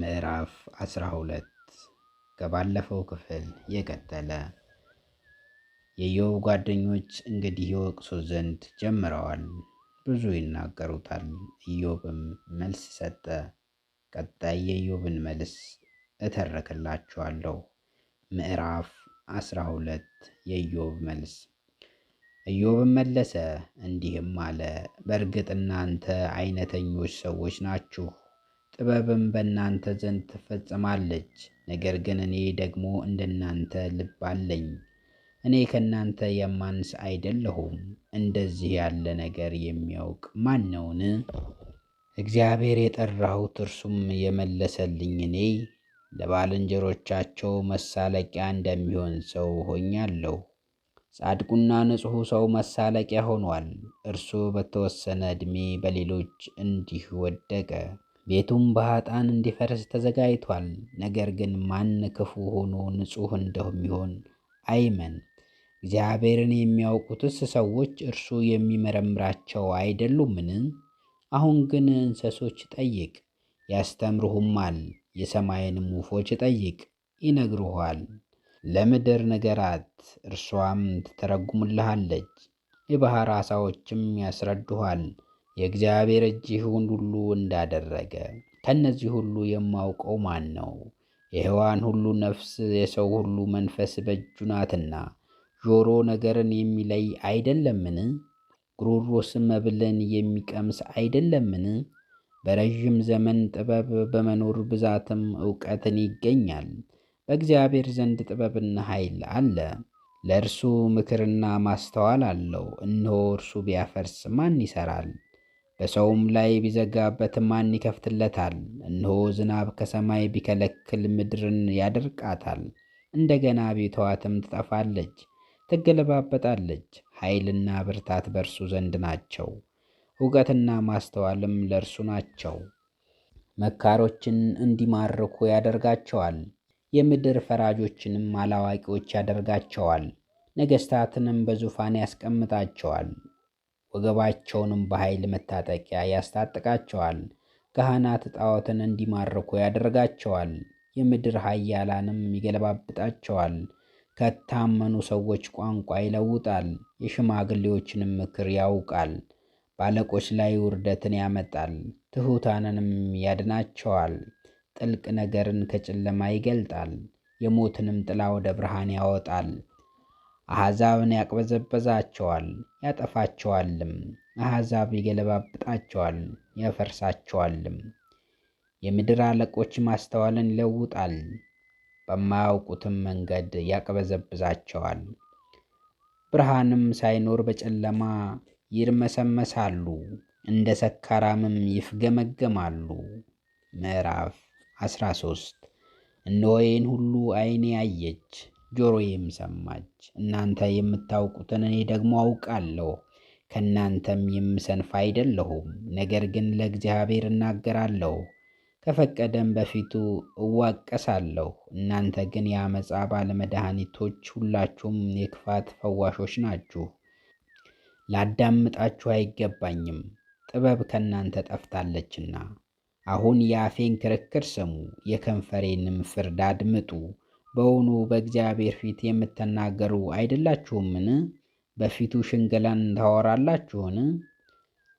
ምዕራፍ 12 ከባለፈው ክፍል የቀጠለ። የኢዮብ ጓደኞች እንግዲህ ይወቅሱ ዘንድ ጀምረዋል፣ ብዙ ይናገሩታል። ኢዮብም መልስ ሰጠ። ቀጣይ የኢዮብን መልስ እተረክላችኋለሁ። ምዕራፍ 12 የኢዮብ መልስ ኢዮብም መለሰ እንዲህም አለ፣ በእርግጥ እናንተ አይነተኞች ሰዎች ናችሁ ጥበብም በእናንተ ዘንድ ትፈጸማለች። ነገር ግን እኔ ደግሞ እንደናንተ ልብ አለኝ። እኔ ከእናንተ የማንስ አይደለሁም። እንደዚህ ያለ ነገር የሚያውቅ ማን ነውን? እግዚአብሔር የጠራሁት እርሱም የመለሰልኝ እኔ ለባልንጀሮቻቸው መሳለቂያ እንደሚሆን ሰው ሆኛለሁ። ጻድቁና ንጹሑ ሰው መሳለቂያ ሆኗል። እርሱ በተወሰነ ዕድሜ በሌሎች እንዲህ ወደቀ። ቤቱም በኃጥአን እንዲፈርስ ተዘጋጅቷል። ነገር ግን ማን ክፉ ሆኖ ንጹሕ እንደሚሆን አይመን። እግዚአብሔርን የሚያውቁትስ ሰዎች እርሱ የሚመረምራቸው አይደሉምን? አሁን ግን እንስሶች ጠይቅ ያስተምርሁማል፣ የሰማይንም ወፎች ጠይቅ ይነግሩኋል። ለምድር ነገራት እርሷም ትተረጉምልሃለች፣ የባሕር ዓሣዎችም ያስረዱኋል። የእግዚአብሔር እጅ ይህን ሁሉ እንዳደረገ ከእነዚህ ሁሉ የማውቀው ማን ነው? የሕያዋን ሁሉ ነፍስ የሰው ሁሉ መንፈስ በእጁ ናትና ጆሮ ነገርን የሚለይ አይደለምን? ጉሮሮስ መብልን የሚቀምስ አይደለምን? በረዥም ዘመን ጥበብ በመኖር ብዛትም ዕውቀትን ይገኛል። በእግዚአብሔር ዘንድ ጥበብና ኃይል አለ። ለእርሱ ምክርና ማስተዋል አለው። እነሆ እርሱ ቢያፈርስ ማን ይሠራል? በሰውም ላይ ቢዘጋበትም ማን ይከፍትለታል? እነሆ ዝናብ ከሰማይ ቢከለክል ምድርን ያደርቃታል። እንደገና ቤተዋትም ትጠፋለች፣ ትገለባበጣለች። ኃይልና ብርታት በእርሱ ዘንድ ናቸው፣ እውቀትና ማስተዋልም ለእርሱ ናቸው። መካሮችን እንዲማርኩ ያደርጋቸዋል፣ የምድር ፈራጆችንም አላዋቂዎች ያደርጋቸዋል። ነገሥታትንም በዙፋን ያስቀምጣቸዋል፣ ወገባቸውንም በኃይል መታጠቂያ ያስታጥቃቸዋል። ካህናት ጣዖትን እንዲማርኩ ያደርጋቸዋል። የምድር ኃያላንም ይገለባብጣቸዋል። ከታመኑ ሰዎች ቋንቋ ይለውጣል። የሽማግሌዎችንም ምክር ያውቃል። ባለቆች ላይ ውርደትን ያመጣል፣ ትሑታንንም ያድናቸዋል። ጥልቅ ነገርን ከጨለማ ይገልጣል፣ የሞትንም ጥላ ወደ ብርሃን ያወጣል። አሕዛብን ያቅበዘበዛቸዋል ያጠፋቸዋልም። አሕዛብ ይገለባብጣቸዋል ያፈርሳቸዋልም። የምድር አለቆች ማስተዋልን ይለውጣል፣ በማያውቁትም መንገድ ያቅበዘብዛቸዋል። ብርሃንም ሳይኖር በጨለማ ይርመሰመሳሉ፣ እንደ ሰካራምም ይፍገመገማሉ። ምዕራፍ 13 እነሆ ይህን ሁሉ ዓይኔ አየች፣ ጆሮዬም ሰማች። እናንተ የምታውቁትን እኔ ደግሞ አውቃለሁ፣ ከእናንተም የምሰንፍ አይደለሁም። ነገር ግን ለእግዚአብሔር እናገራለሁ፣ ከፈቀደም በፊቱ እዋቀሳለሁ። እናንተ ግን የአመፃ ባለመድኃኒቶች ሁላችሁም የክፋት ፈዋሾች ናችሁ። ላዳምጣችሁ አይገባኝም፣ ጥበብ ከእናንተ ጠፍታለችና። አሁን የአፌን ክርክር ስሙ፣ የከንፈሬንም ፍርድ አድምጡ። በውኑ በእግዚአብሔር ፊት የምትናገሩ አይደላችሁምን? በፊቱ ሽንገላን ታወራላችሁን?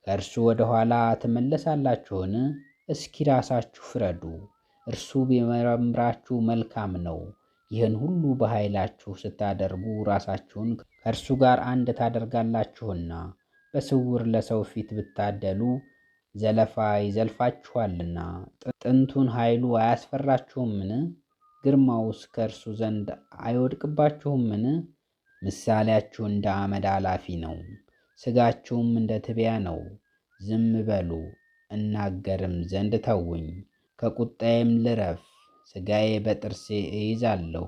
ከእርሱ ወደ ኋላ ትመለሳላችሁን? እስኪ ራሳችሁ ፍረዱ። እርሱ ቢመረምራችሁ መልካም ነው። ይህን ሁሉ በኃይላችሁ ስታደርጉ ራሳችሁን ከእርሱ ጋር አንድ ታደርጋላችሁና በስውር ለሰው ፊት ብታደሉ ዘለፋ ይዘልፋችኋልና ጥንቱን ኃይሉ አያስፈራችሁምን? ግርማውስ ከእርሱ ዘንድ አይወድቅባችሁምን? ምሳሌያችሁ እንደ አመድ አላፊ ነው፣ ስጋችሁም እንደ ትቢያ ነው። ዝም በሉ እናገርም ዘንድ ተውኝ፣ ከቁጣዬም ልረፍ። ስጋዬ በጥርሴ እይዛለሁ፣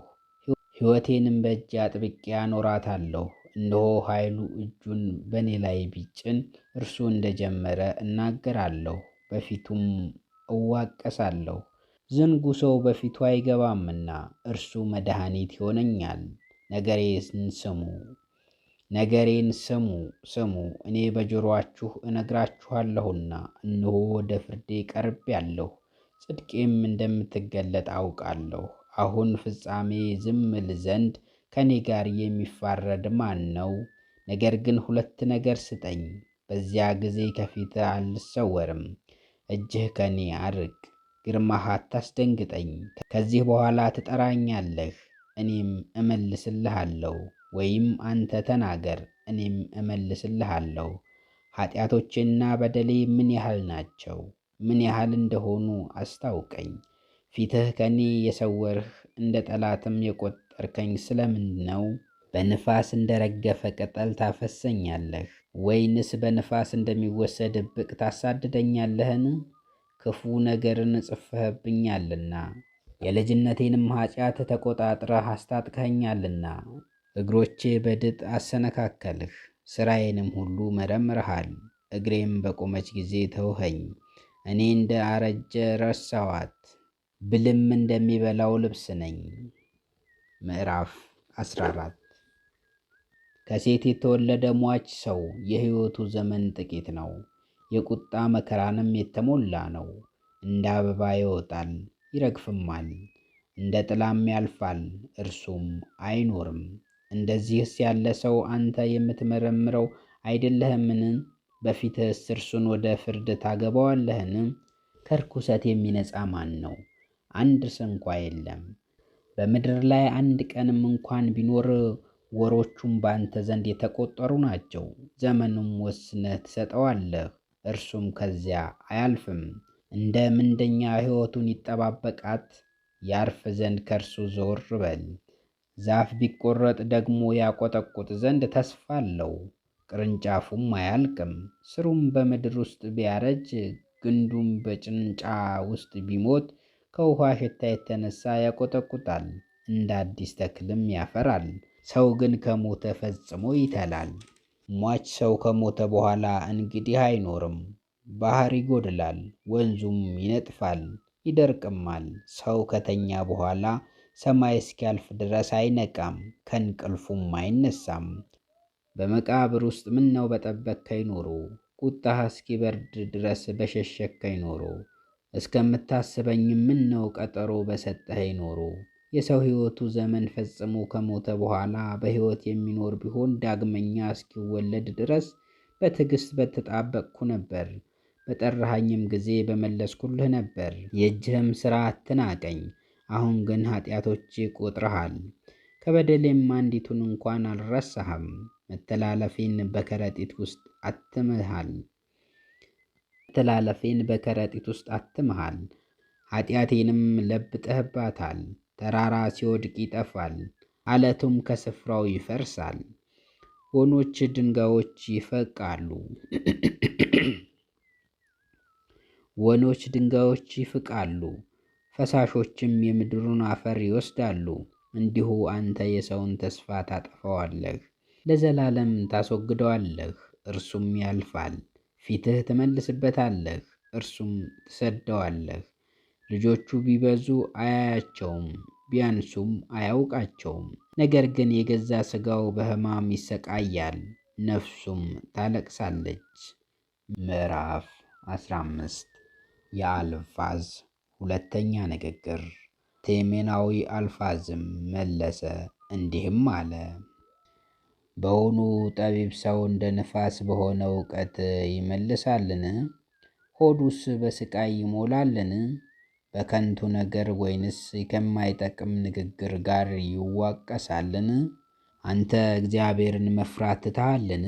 ሕይወቴንም በእጅ አጥብቄ አኖራታለሁ። እነሆ ኃይሉ እጁን በእኔ ላይ ቢጭን እርሱ እንደጀመረ እናገራለሁ፣ በፊቱም እዋቀሳለሁ። ዝንጉ ሰው በፊቱ አይገባምና እርሱ መድኃኒት ይሆነኛል። ነገሬን ስሙ ነገሬን ስሙ ስሙ፣ እኔ በጆሮአችሁ እነግራችኋለሁና፣ እነሆ ወደ ፍርዴ ቀርቤአለሁ፣ ጽድቄም እንደምትገለጥ አውቃለሁ። አሁን ፍጻሜ ዝምል ዘንድ ከእኔ ጋር የሚፋረድ ማን ነው? ነገር ግን ሁለት ነገር ስጠኝ፣ በዚያ ጊዜ ከፊት አልሰወርም። እጅህ ከእኔ አርቅ ግርማህ አታስደንግጠኝ። ከዚህ በኋላ ትጠራኛለህ፣ እኔም እመልስልሃለሁ፣ ወይም አንተ ተናገር፣ እኔም እመልስልሃለሁ። ኃጢአቶቼና በደሌ ምን ያህል ናቸው? ምን ያህል እንደሆኑ አስታውቀኝ። ፊትህ ከኔ የሰወርህ እንደ ጠላትም የቆጠርከኝ ስለምንድ ነው? በንፋስ እንደረገፈ ቅጠል ታፈሰኛለህ፣ ወይንስ በንፋስ እንደሚወሰድ ብቅ ታሳድደኛለህን? ክፉ ነገርን ጽፈህብኛልና የልጅነቴንም ኃጢአት ተቆጣጥረህ አስታጥቀኸኛልና እግሮቼ በድጥ አሰነካከልህ፣ ሥራዬንም ሁሉ መረምረሃል። እግሬም በቆመች ጊዜ ተውኸኝ። እኔ እንደ አረጀ ረሳዋት፣ ብልም እንደሚበላው ልብስ ነኝ። ምዕራፍ 14 ከሴት የተወለደ ሟች ሰው የሕይወቱ ዘመን ጥቂት ነው። የቁጣ መከራንም የተሞላ ነው። እንደ አበባ ይወጣል ይረግፍማል፣ እንደ ጥላም ያልፋል እርሱም አይኖርም። እንደዚህስ ያለ ሰው አንተ የምትመረምረው አይደለህምን? በፊትህስ እርሱን ወደ ፍርድ ታገባዋለህን? ከርኩሰት የሚነጻ ማን ነው? አንድ ስንኳ የለም። በምድር ላይ አንድ ቀንም እንኳን ቢኖር ወሮቹም በአንተ ዘንድ የተቆጠሩ ናቸው። ዘመኑም ወስነህ ትሰጠዋለህ። እርሱም ከዚያ አያልፍም። እንደ ምንደኛ ሕይወቱን ይጠባበቃት ያርፍ ዘንድ ከእርሱ ዞር በል። ዛፍ ቢቆረጥ ደግሞ ያቆጠቁጥ ዘንድ ተስፋ አለው፣ ቅርንጫፉም አያልቅም። ስሩም በምድር ውስጥ ቢያረጅ፣ ግንዱም በጭንጫ ውስጥ ቢሞት ከውኃ ሽታ የተነሳ ያቆጠቁጣል፣ እንደ አዲስ ተክልም ያፈራል። ሰው ግን ከሞተ ፈጽሞ ይተላል። ሟች ሰው ከሞተ በኋላ እንግዲህ አይኖርም፣ ባህር ይጎድላል፣ ወንዙም ይነጥፋል፣ ይደርቅማል። ሰው ከተኛ በኋላ ሰማይ እስኪያልፍ ድረስ አይነቃም፣ ከእንቅልፉም አይነሳም። በመቃብር ውስጥ ምን ነው በጠበቅከኝ ኖሮ፣ ቁጣህ እስኪበርድ ድረስ በሸሸከኝ ኖሮ፣ እስከምታስበኝ ምን ነው ቀጠሮ በሰጠኸኝ ኖሮ የሰው ሕይወቱ ዘመን ፈጽሞ ከሞተ በኋላ በሕይወት የሚኖር ቢሆን ዳግመኛ እስኪወለድ ድረስ በትዕግሥት በተጣበቅኩ ነበር። በጠራሃኝም ጊዜ በመለስኩልህ ነበር። የእጅህም ሥራ አትናቀኝ። አሁን ግን ኃጢአቶቼ ቆጥረሃል። ከበደሌም አንዲቱን እንኳን አልረሳህም። መተላለፌን በከረጢት ውስጥ አትምሃል መተላለፌን በከረጢት ውስጥ አትምሃል። ኃጢአቴንም ለብጠህባታል። ተራራ ሲወድቅ ይጠፋል፣ አለቱም ከስፍራው ይፈርሳል። ወኖች ድንጋዮች ይፈቃሉ ወኖች ድንጋዮች ይፍቃሉ፣ ፈሳሾችም የምድሩን አፈር ይወስዳሉ። እንዲሁ አንተ የሰውን ተስፋ ታጠፋዋለህ፣ ለዘላለም ታስወግደዋለህ። እርሱም ያልፋል፣ ፊትህ ትመልስበታለህ፣ እርሱም ትሰደዋለህ። ልጆቹ ቢበዙ አያያቸውም፣ ቢያንሱም አያውቃቸውም። ነገር ግን የገዛ ሥጋው በሕማም ይሰቃያል፣ ነፍሱም ታለቅሳለች። ምዕራፍ 15 የአልፋዝ ሁለተኛ ንግግር። ቴሜናዊ አልፋዝም መለሰ እንዲህም አለ፣ በውኑ ጠቢብ ሰው እንደ ንፋስ በሆነ እውቀት ይመልሳልን? ሆዱስ በስቃይ ይሞላልን? በከንቱ ነገር ወይንስ ከማይጠቅም ንግግር ጋር ይዋቀሳልን? አንተ እግዚአብሔርን መፍራት ትተሃልን?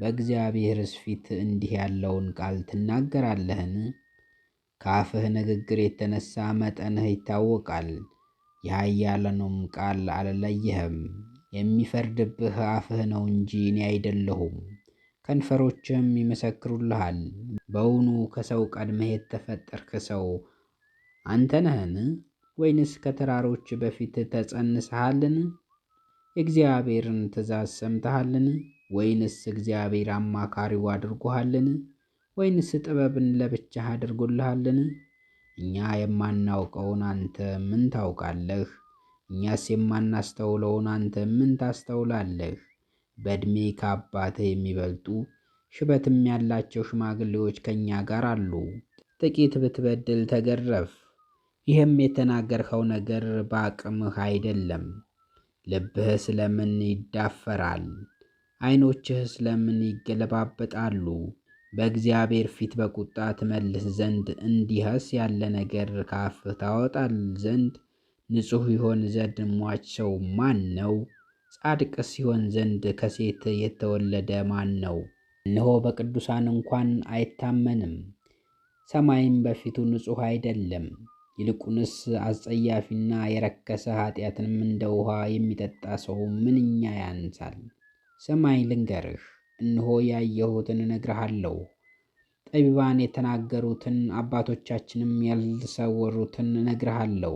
በእግዚአብሔርስ ፊት እንዲህ ያለውን ቃል ትናገራለህን? ከአፍህ ንግግር የተነሳ መጠንህ ይታወቃል። የኃያላኑም ቃል አልለየህም። የሚፈርድብህ አፍህ ነው እንጂ እኔ አይደለሁም። ከንፈሮችህም ይመሰክሩልሃል። በውኑ ከሰው ቀድመህ የተፈጠርክ ሰው አንተ ነህን? ወይንስ ከተራሮች በፊት ተጸንሰሃልን? የእግዚአብሔርን ትእዛዝ ሰምተሃልን? ወይንስ እግዚአብሔር አማካሪው አድርጎሃልን? ወይንስ ጥበብን ለብቻህ አድርጎልሃልን? እኛ የማናውቀውን አንተ ምን ታውቃለህ? እኛስ የማናስተውለውን አንተ ምን ታስተውላለህ? በዕድሜ ከአባትህ የሚበልጡ ሽበትም ያላቸው ሽማግሌዎች ከእኛ ጋር አሉ። ጥቂት ብትበድል ተገረፍ ይህም የተናገርኸው ነገር በአቅምህ አይደለም። ልብህ ስለምን ይዳፈራል? ዐይኖችህ ስለምን ይገለባበጣሉ? በእግዚአብሔር ፊት በቁጣ ትመልስ ዘንድ እንዲህስ ያለ ነገር ካፍህ ታወጣል ዘንድ ንጹሕ ይሆን ዘንድ ሟች ሰው ማን ነው? ጻድቅስ ሲሆን ዘንድ ከሴት የተወለደ ማን ነው? እነሆ በቅዱሳን እንኳን አይታመንም፣ ሰማይም በፊቱ ንጹሕ አይደለም። ይልቁንስ አጸያፊና የረከሰ ኃጢአትንም እንደ ውሃ የሚጠጣ ሰው ምንኛ ያንሳል። ስማኝ ልንገርህ፣ እነሆ ያየሁትን እነግርሃለሁ። ጠቢባን የተናገሩትን አባቶቻችንም ያልሰወሩትን እነግርሃለሁ።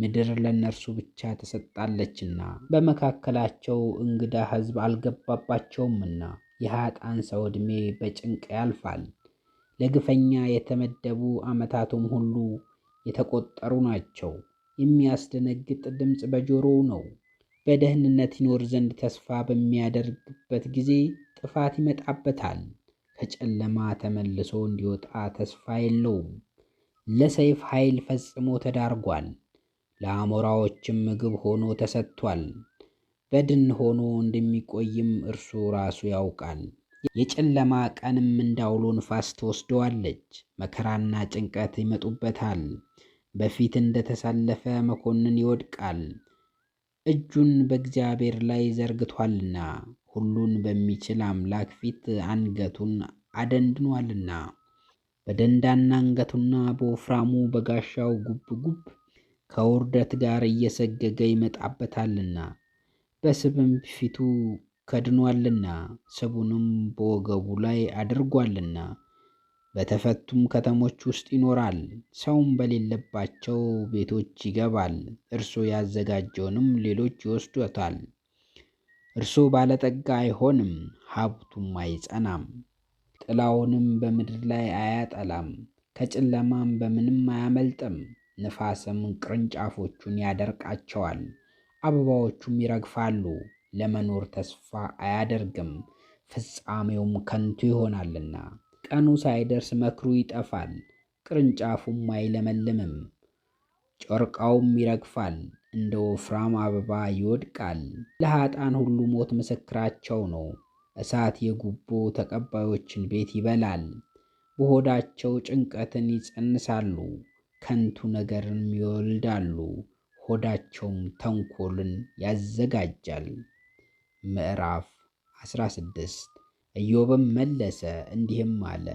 ምድር ለእነርሱ ብቻ ተሰጣለችና በመካከላቸው እንግዳ ሕዝብ አልገባባቸውምና የኃጥአን ሰው ዕድሜ በጭንቅ ያልፋል። ለግፈኛ የተመደቡ ዓመታቱም ሁሉ የተቆጠሩ ናቸው። የሚያስደነግጥ ድምፅ በጆሮው ነው። በደህንነት ይኖር ዘንድ ተስፋ በሚያደርግበት ጊዜ ጥፋት ይመጣበታል። ከጨለማ ተመልሶ እንዲወጣ ተስፋ የለውም። ለሰይፍ ኃይል ፈጽሞ ተዳርጓል። ለአሞራዎችም ምግብ ሆኖ ተሰጥቷል። በድን ሆኖ እንደሚቆይም እርሱ ራሱ ያውቃል። የጨለማ ቀንም እንዳውሎ ንፋስ ትወስደዋለች። መከራና ጭንቀት ይመጡበታል። በፊት እንደተሳለፈ መኮንን ይወድቃል። እጁን በእግዚአብሔር ላይ ዘርግቷልና ሁሉን በሚችል አምላክ ፊት አንገቱን አደንድኗልና በደንዳና አንገቱና በወፍራሙ በጋሻው ጉብጉብ ከውርደት ጋር እየሰገገ ይመጣበታልና በስብም ፊቱ ከድኗልና ስቡንም በወገቡ ላይ አድርጓልና በተፈቱም ከተሞች ውስጥ ይኖራል። ሰውም በሌለባቸው ቤቶች ይገባል፣ እርሶ ያዘጋጀውንም ሌሎች ይወስዱታል። እርሶ ባለጠጋ አይሆንም፣ ሀብቱም አይጸናም። ጥላውንም በምድር ላይ አያጠላም፣ ከጨለማም በምንም አያመልጥም። ንፋስም ቅርንጫፎቹን ያደርቃቸዋል፣ አበባዎቹም ይረግፋሉ። ለመኖር ተስፋ አያደርግም፣ ፍጻሜውም ከንቱ ይሆናልና። ቀኑ ሳይደርስ መክሩ ይጠፋል፣ ቅርንጫፉም አይለመልምም፣ ጨርቃውም ይረግፋል፣ እንደ ወፍራም አበባ ይወድቃል። ለኃጥአን ሁሉ ሞት ምስክራቸው ነው። እሳት የጉቦ ተቀባዮችን ቤት ይበላል። በሆዳቸው ጭንቀትን ይጸንሳሉ፣ ከንቱ ነገርም ይወልዳሉ። ሆዳቸውም ተንኮልን ያዘጋጃል። ምዕራፍ 16 ኢዮብም መለሰ እንዲህም አለ